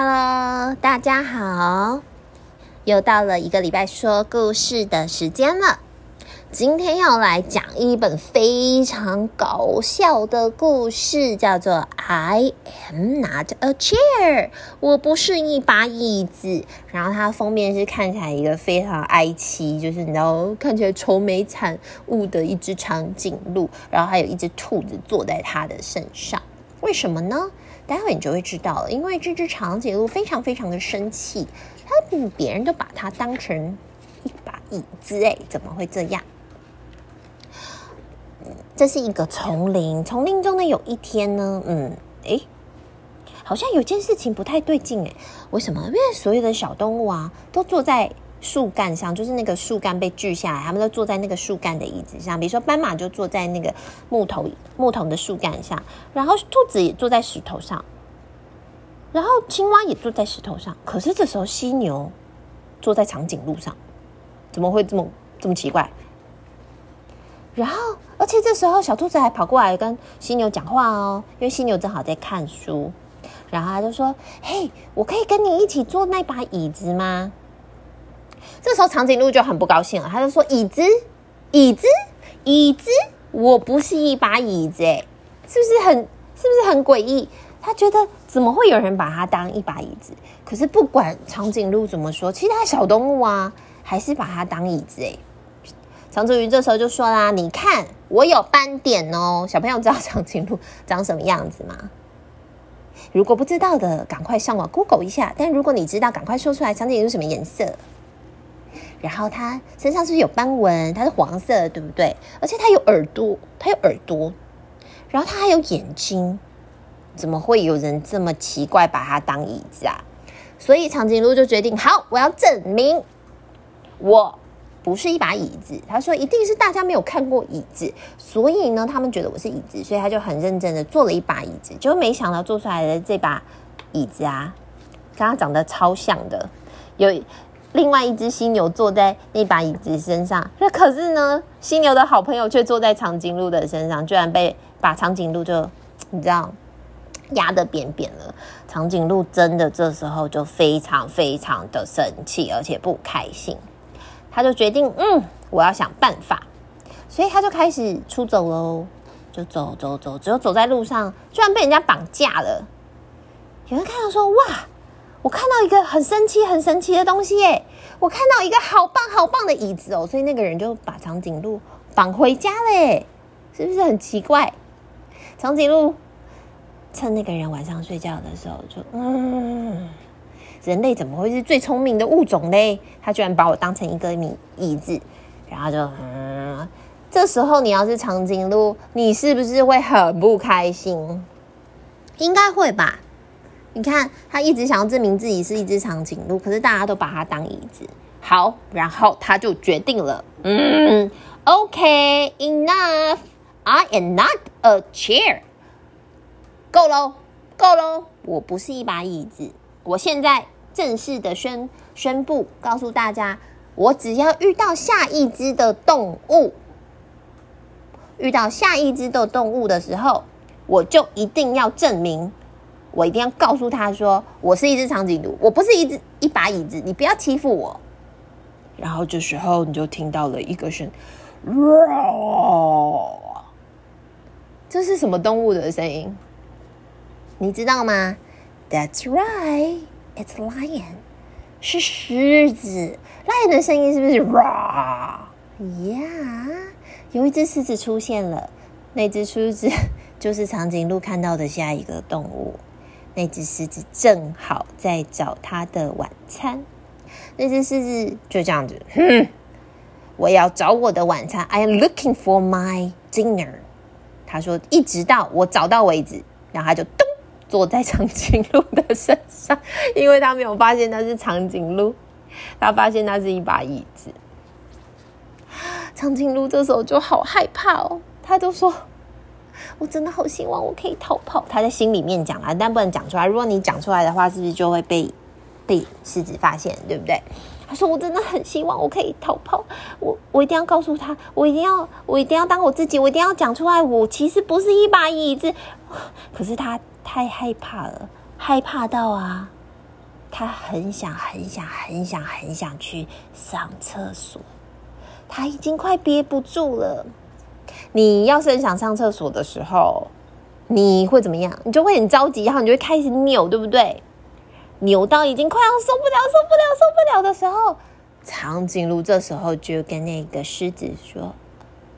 Hello，大家好！又到了一個禮拜說故事的時間了。今天要來講一本非常搞笑的故事，叫做《I Am Not a Chair》，我不是一把椅子。然後它封面是看起來一個非常哀淒，就是你知道看起來愁眉慘霧的一隻長頸鹿，然後還有一隻兔子坐在它的身上。為什麼呢？待會你就會知道了。因為這只長頸鹿非常非常的生氣，它別人都把它當成一把椅子哎，怎麼會這樣？這是一個叢林，叢林中的有一天呢，嗯，哎，好像有件事情不太對勁哎，為什麼？因為所有的小動物啊，都坐在。樹幹上，就是那個樹幹被鋸下來，他們都坐在那個樹幹的椅子上。比如說，斑馬就坐在那個木頭木桶的樹幹上，然後兔子也坐在石頭上，然後青蛙也坐在石頭上。可是這時候，犀牛坐在長頸鹿上，怎麼會這麼這麼奇怪？然後，而且這時候，小兔子還跑過來跟犀牛講話哦，因為犀牛正好在看書，然後他就說：“嘿，我可以跟你一起坐那把椅子嗎？”這時候長頸鹿就很不高興了，他就說：“椅子，椅子，椅子，我不是一把椅子哎、欸，是不是很，是不是很詭異？他覺得怎麼會有人把它當一把椅子？可是不管長頸鹿怎麼說，其他小動物啊還是把它當椅子哎、欸。長頸鹿這時候就說啦：你看我有斑點哦，小朋友知道長頸鹿長什麼樣子嗎？如果不知道的，趕快上網 Google 一下。但如果你知道，趕快說出來，長頸鹿什麼顏色？”然後它身上是有斑紋，它是黃色的，對不對？而且它有耳朵，它有耳朵，然後它還有眼睛。怎麼會有人這麼奇怪把它當椅子啊？所以長頸鹿就決定，好，我要證明我不是一把椅子。他說，一定是大家沒有看過椅子，所以呢，他們覺得我是椅子，所以他就很認真的做了一把椅子，就沒想到做出來的這把椅子啊，跟他長得超像的，有。另外一隻犀牛坐在那把椅子身上，那可是呢，犀牛的好朋友卻坐在長頸鹿的身上，居然被把長頸鹿就你知道壓得扁扁了。長頸鹿真的這時候就非常非常的生氣，而且不開心，他就決定嗯，我要想辦法，所以他就開始出走嘍，就走走走，只有走在路上，居然被人家綁架了。有人看到說哇。我看到一個很神奇、很神奇的東西誒，我看到一個好棒、好棒的椅子哦，所以那個人就把長頸鹿綁回家嘞，是不是很奇怪？長頸鹿趁那個人晚上睡覺的時候就，就嗯，人類怎麼會是最聰明的物種嘞？他居然把我當成一個椅椅子，然後就嗯，這時候你要是長頸鹿，你是不是會很不開心？應該會吧。你看，他一直想要證明自己是一只長頸鹿，可是大家都把它當椅子。好，然後他就決定了，嗯，OK，enough，I am not a chair。夠嘍，夠嘍，我不是一把椅子。我現在正式的宣宣佈，告訴大家，我只要遇到下一只的動物，遇到下一只的動物的時候，我就一定要證明。我一定要告訴他說，我是一只長頸鹿，我不是一只一把椅子，你不要欺負我。然後這時候你就聽到了一個聲，這是什麼動物的聲音？你知道嗎？That's right, it's lion，是獅子。Lion 的聲音是不是？Yeah，有一只獅子出現了。那只獅子就是長頸鹿看到的下一個動物。那隻獅子正好在找他的晚餐。那隻獅子就這樣子，哼，我要找我的晚餐。I am looking for my dinner。他說，一直到我找到為止。然後他就咚，坐在長頸鹿的身上，因為他沒有發現那是長頸鹿，他發現那是一把椅子。長頸鹿這時候就好害怕哦，他就說。我真的好希望我可以逃跑。他在心裡面講了，但不能講出來。如果你講出來的話，是不是就會被被獅子發現，對不對？他說我真的很希望我可以逃跑，我我一定要告訴他，我一定要我一定要當我自己，我一定要講出來，我其實不是一把椅子。可是他太害怕了，害怕到啊，他很想很想很想很想很想去上廁所，他已經快憋不住了。你要是很想上廁所的時候，你會怎麼樣？你就會很着急，然後你就會開始扭，對不對？扭到已經快要受不了、受不了、受不了的時候，長頸鹿這時候就跟那個獅子說：“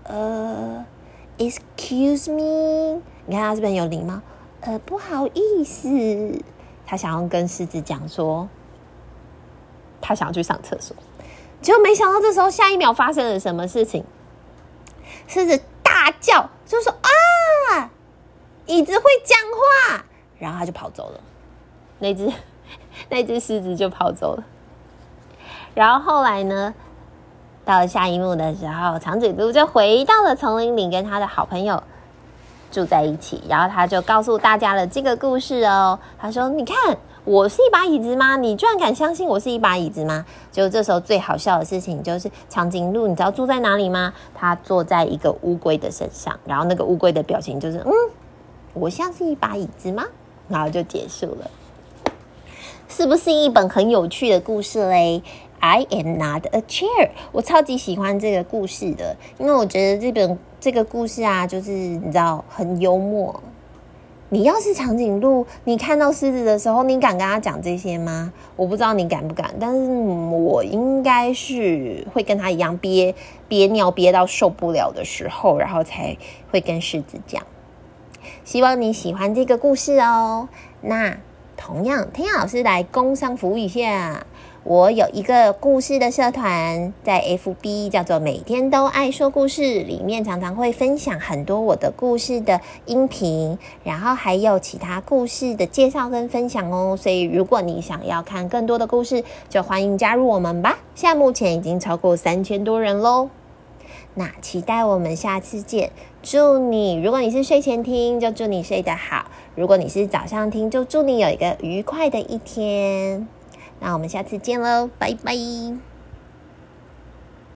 呃、uh，excuse me，你看他這邊有禮貌。呃，uh, 不好意思，他想要跟獅子講說，他想要去上廁所。結果沒想到，這時候下一秒發生了什麼事情。”獅子大叫，就說：“啊，椅子會講話！”然後他就跑走了，那隻那隻獅子就跑走了。然後後來呢？到了下一幕的時候，長頸鹿就回到了叢林裡，跟他的好朋友住在一起。然後他就告訴大家了這個故事哦。他說：“你看。”我是一把椅子嗎？你居然敢相信我是一把椅子嗎？就這時候最好笑的事情就是長頸鹿，你知道住在哪裡嗎？他坐在一個烏龜的身上，然後那個烏龜的表情就是嗯，我像是一把椅子嗎？然後就結束了，是不是一本很有趣的故事嘞？I am not a chair，我超級喜歡這個故事的，因為我覺得這本這個故事啊，就是你知道很幽默。你要是長頸鹿，你看到獅子的時候，你敢跟他講這些嗎？我不知道你敢不敢，但是我應該是會跟他一樣憋憋尿，憋到受不了的時候，然後才會跟獅子講。希望你喜歡這個故事哦。那同樣，彈雅老師來工商服務一下。我有一個故事的社團，在 FB 叫做“每天都愛說故事”，裡面常常會分享很多我的故事的音頻，然後還有其他故事的介紹跟分享哦。所以如果你想要看更多的故事，就歡迎加入我們吧！現在目前已經超過三千多人嘍。那期待我們下次見。祝你，如果你是睡前聽，就祝你睡得好；如果你是早上聽，就祝你有一個愉快的一天。那我們下次見嘍，拜拜。